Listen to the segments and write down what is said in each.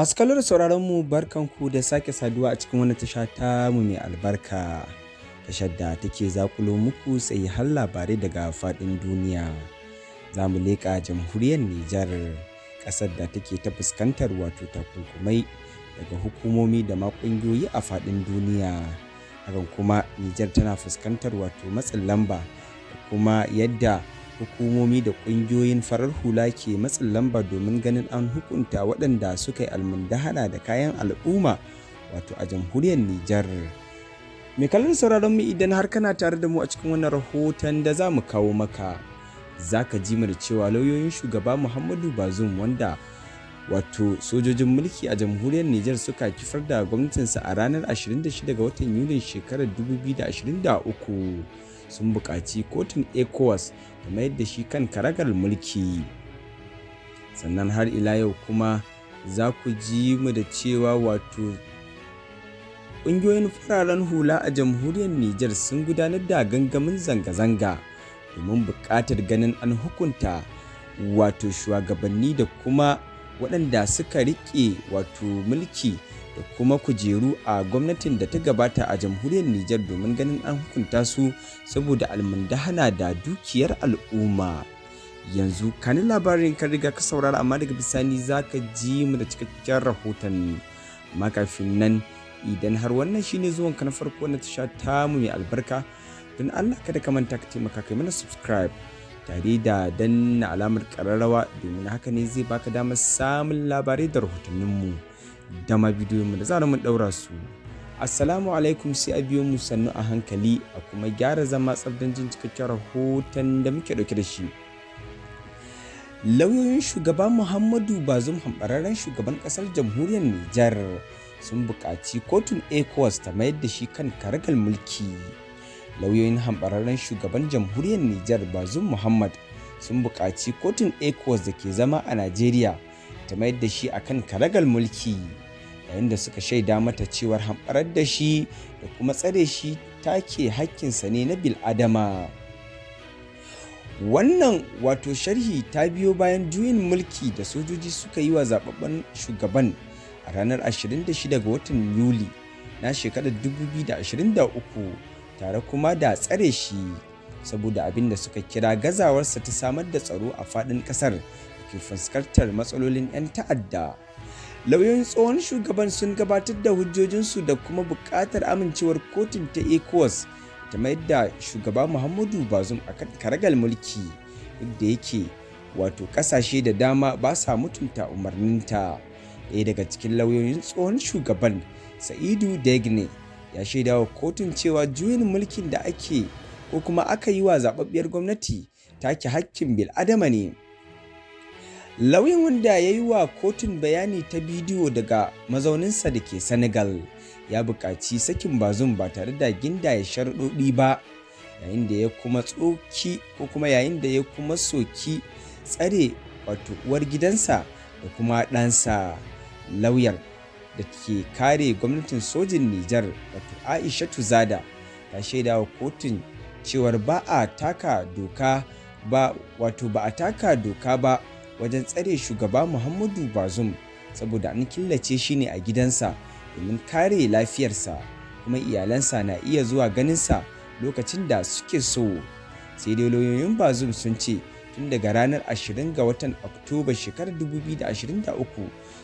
Masu kallon da sauraron mu ku da sake saduwa a cikin wani tasha ta mu mai albarka. Tashar da take zakulo muku sai har labarai daga faɗin duniya. Za mu leƙa jamhuriyar Nijar ƙasar da take ta fuskantar wato takunkumai daga hukumomi da ma ƙungiyoyi a faɗin duniya. Hakan kuma Nijar tana fuskantar wato matsin lamba da kuma yadda hukumomi da ƙungiyoyin farar hula ke matsin lamba domin ganin an hukunta waɗanda suka yi almundahana da kayan al'umma wato a jamhuriyar Nijar. Mai kallon sauraron mu idan har kana tare da mu a cikin wannan rahoton da za mu kawo maka. Za ka ji mu da cewa lauyoyin shugaba Muhammadu bazum wanda wato sojojin mulki a jamhuriyar Nijar suka kifar da gwamnatinsa a ranar 26 ga watan Yulin shekarar 2023 sun buƙaci kotun ecowas da mayar da shi kan karagar mulki sannan har ila yau kuma za ku ji mu da cewa wato ƙungiyoyin fararen hula a jamhuriyar Nijar sun gudanar da gangamin zanga-zanga domin buƙatar ganin an hukunta wato shugabanni da kuma waɗanda suka riƙe wato mulki da kuma kujeru a gwamnatin da ta gabata a jamhuriyar Nijar domin ganin an hukunta su saboda almundahana da dukiyar al'umma. Yanzu kanin labarin ka riga ka saurara amma daga bisani za ka ji mu da cikakken rahoton makafin nan idan har wannan shine zuwan ka farko na tasha ta mu mai albarka don Allah kada ka manta ka taimaka kai mana subscribe tare da danna alamar kararrawa domin haka ne zai baka damar samun labarai da rahotanninmu. mu. da ma bidiyoyinmu da za mu ɗaura su. Assalamu alaikum sai a biyo mu sannu a hankali a kuma gyara zama tsabdan jin cikakken rahoton da muke ɗauke da shi. Lauyoyin shugaba Muhammadu Bazum hambararren shugaban ƙasar jamhuriyar Nijar sun buƙaci kotun ECOWAS ta mayar da shi kan karagal mulki. Lauyoyin hambararren shugaban jamhuriyar Nijar Bazum Muhammad sun buƙaci kotun ECOWAS da ke zama a Najeriya ta mayar da shi akan karagal mulki. yayin da suka shaida mata cewar hamɓarar da shi da kuma tsare shi take hakkinsa ne na bil'adama wannan wato sharhi ta biyo bayan juyin mulki da sojoji suka yi wa zababben shugaban a ranar 26 ga watan yuli na shekarar 2023 tare kuma da tsare shi saboda abin da suka kira gazawarsa ta samar da tsaro a faɗin ƙasar da ke fuskantar matsalolin 'yan ta'adda lauyoyin tsohon shugaban sun gabatar da hujjojinsu da kuma buƙatar amincewar kotun ta ecowas ta mayar da shugaba muhammadu bazum a karagal mulki da yake wato ƙasashe da dama ba sa mutunta umarninta ɗaya daga cikin lauyoyin tsohon shugaban sa'idu degne ya shaida wa kotun cewa juyin mulkin da ake ko kuma aka yi wa zababbiyar gwamnati take hakkin bil'adama ne Lauyin wanda ya yi wa kotun bayani ta bidiyo daga mazauninsa da ke senegal ya buƙaci sakin bazun ba tare da gindaya sharɗoɗi ba yayin da ya kuma tsoki ko kuma yayin da ya kuma soki tsare wato uwar gidansa da kuma ɗansa lauyar da ke kare gwamnatin sojin Nijar wato Aisha Tuzada ta shaida wa kotun cewar ba a taka doka ba wato ba a taka doka ba wajen tsare shugaba Muhammadu Bazum, saboda an killace shi ne a gidansa domin kare lafiyarsa kuma iyalansa na iya zuwa ganinsa lokacin da suke so. Sai dai lauyoyin Bazum sun ce tun daga ranar 20 ga watan Oktoba shekarar 2023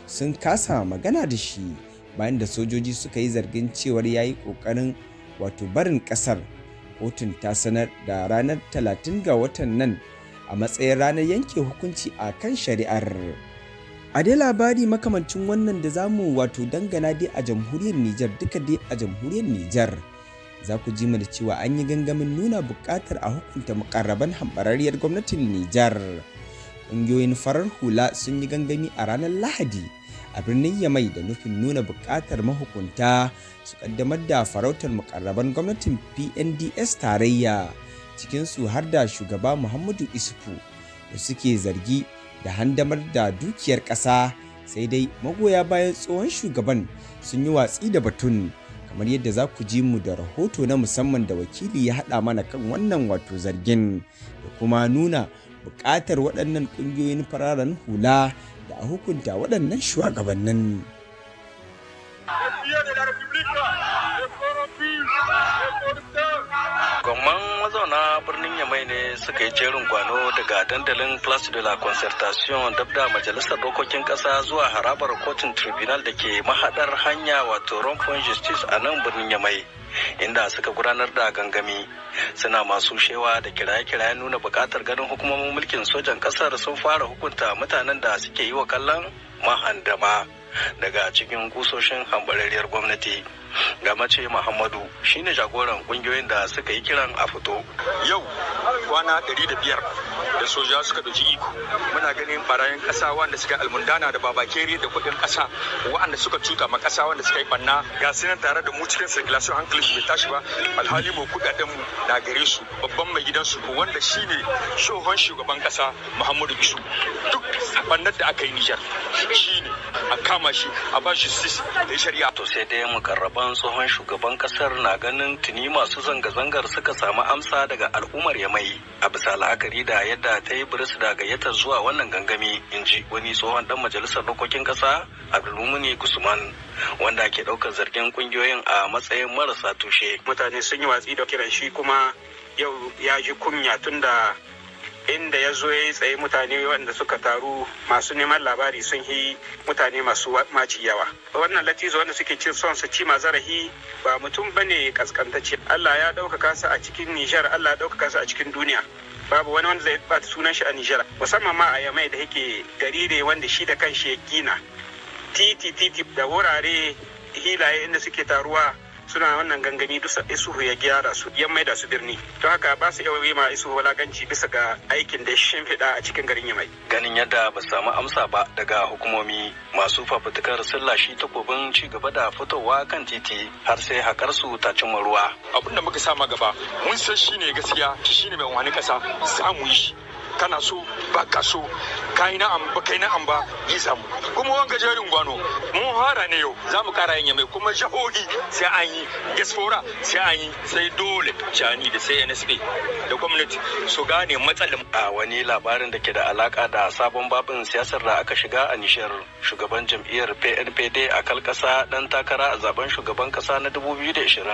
sun kasa magana da shi bayan da sojoji suka yi zargin cewar ya yi ƙoƙarin wato barin ƙasar. Kotun ta sanar da ranar 30 ga watan nan a matsayin ranar yanke hukunci a kan shari'ar. A dai labari makamancin wannan da zamu wato dangana dai a jamhuriyar Nijar duka dai a jamhuriyar Nijar. Za ku ji mu da cewa an yi gangamin nuna buƙatar a hukunta mukarraban hambarariyar gwamnatin Nijar. Ƙungiyoyin farar hula sun yi gangami a ranar Lahadi. a birnin Yamai da nufin nuna buƙatar mahukunta su ƙaddamar da farautar mukarraban gwamnatin PNDS tarayya cikinsu har da shugaba Muhammadu Isufu da suke zargi da handamar da dukiyar ƙasa sai dai magoya bayan tsohon shugaban sun yi watsi da batun kamar yadda za ku ji mu da rahoto na musamman da wakili ya haɗa mana kan wannan wato zargin da kuma nuna buƙatar waɗannan ƙungiyoyin fararen hula da a hukunta waɗannan shugabannin. mai ne suka yi jerin gwano daga dandalin place de la concertation dabda majalisar dokokin kasa zuwa harabar kotun tribunal da ke mahadar hanya wato rompon justice a nan birnin yamai inda suka gudanar da gangami suna masu shewa da kiraye-kiraye nuna bukatar ganin hukumomin mulkin sojan kasar sun fara hukunta mutanen da suke yi wa kallon mahandama daga cikin kusoshin hambarariyar gwamnati ga mace muhammadu shine jagoran kungiyoyin da suka yi kiran a fito yau kwana ɗari da biyar da soja suka ɗauki iko muna ganin barayin ƙasa wanda suka almundana da babakere da kuɗin ƙasa waɗanda suka cuta ma ƙasa wanda suka yi banna ga nan tare da mu cikin circulation hankali su bai tashi ba alhali mu kuɗaɗen mu na gare su babban mai gidan su wanda shine shohon shugaban ƙasa Muhammadu Isu duk bannar da aka yi Nijar shine a kama shi a ba shi sis da shari'a to sai dai mukarraban tsohon shugaban ƙasar na ganin tuni masu zanga-zangar suka samu amsa daga al'ummar ya mai. a bisa la'akari da yadda ta yi biris da gayyatar zuwa wannan gangami in ji wani tsohon dan majalisar dokokin kasa abdulmuni gusman wanda ke daukar zargin kungiyoyin a matsayin marasa tushe mutane sun yi watsi da kiran shi kuma yau ya ji kunya tunda inda ya zo ya yi tsaye mutane wanda suka taru masu neman labari sun yi mutane masu maci yawa wannan latizo wanda suke cin son su ci ma zarahi ba mutum bane kaskantacce Allah ya ɗaukaka su a cikin Nijar Allah ya ɗaukaka su a cikin duniya babu wani wanda zai bata sunan shi a Nijar musamman ma a Yamai da yake gari ne wanda shi da kanshi ya gina titi titi da wurare hilaye inda suke taruwa suna wannan gangami dusa isuhu ya gyara su ya maida su birni to haka ba su yawan ma isuhu walakanci bisa ga aikin da shimfiɗa a cikin garin yamai ganin yadda ba samu amsa ba daga hukumomi masu fafutukar sallashi takobin ci gaba da fitowa kan titi har sai hakar su ta cimma ruwa abin da muka sama gaba mun san shine gaskiya shine mai wani kasa za mu yi kana so ba ka so kai na amba kai na yi samu kuma wanga jerin gwano mu fara ne yau za mu kara yin mai kuma jahohi sai an yi gasfora sai an yi sai dole shani da sai NSP da gwamnati su gane matsalin a wani labarin da ke da alaka da sabon babin siyasar da aka shiga a nishiyar shugaban jam'iyyar PNPD a kalkasa dan takara a zaben shugaban kasa na 2020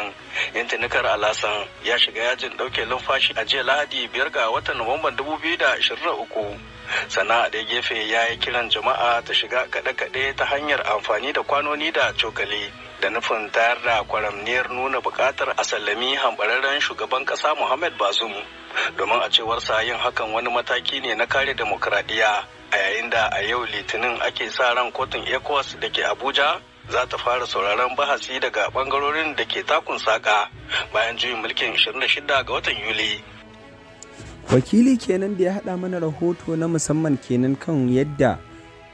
yantinikar alasan ya shiga yajin dauke lumfashi a jiya lahadi biyar ga watan nuwamban 2020 da 23 sana da gefe ya yi kiran jama'a ta shiga kaɗe-kaɗe ta hanyar amfani da kwanoni da cokali da nufin tayar da kwaramniyar nuna buƙatar a sallami hambararren shugaban ƙasa muhammad bazum domin a cewar sa yin hakan wani mataki ne na kare demokradiyya a yayin da a yau litinin ake sa ran kotun Ecos da ke abuja za ta fara sauraron bahasi daga bangarorin da ke takun saka bayan juyin mulkin 26 ga watan yuli wakili kenan da ya haɗa mana rahoto na musamman kenan kan yadda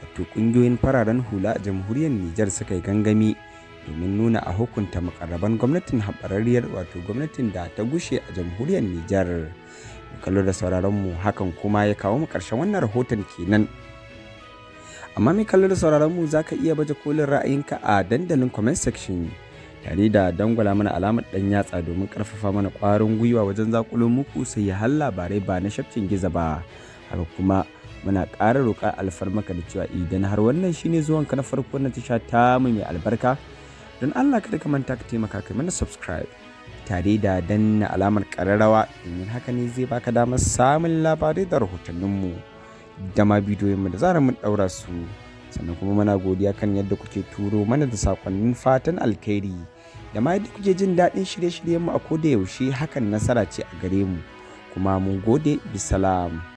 wato ƙungiyoyin fararen hula a jamhuriyar nijar suka yi gangami domin nuna a hukunta makarraban gwamnatin haɓararriyar wato gwamnatin da ta gushe a jamhuriyar nijar kallo da sauraron mu hakan kuma ya kawo mu ƙarshen wannan rahoton kenan amma mai kallo da sauraron mu ka iya baje kolin ra'ayinka a dandalin comment section tare da dangwala mana alamar dan yatsa domin karfafa mana kwarin gwiwa wajen zakulo muku sai ya har labarai ba na shafcin giza ba haka kuma muna ƙara roƙa alfarmaka da cewa idan har wannan shine zuwan ka na farko na tasha ta mu mai albarka don Allah kada ka manta ka taimaka kai mana subscribe tare da danna alamar ƙararrawa domin haka ne zai baka damar samun labarai da rahotanninmu da ma bidiyoyinmu da zarar mun ɗaura su. sannan kuma muna godiya kan yadda kuke turo mana da sakonnin fatan alkhairi da ma yadda kuke jin daɗin shirye-shiryenmu a koda yaushe hakan nasara ce a gare mu kuma mun gode bisalam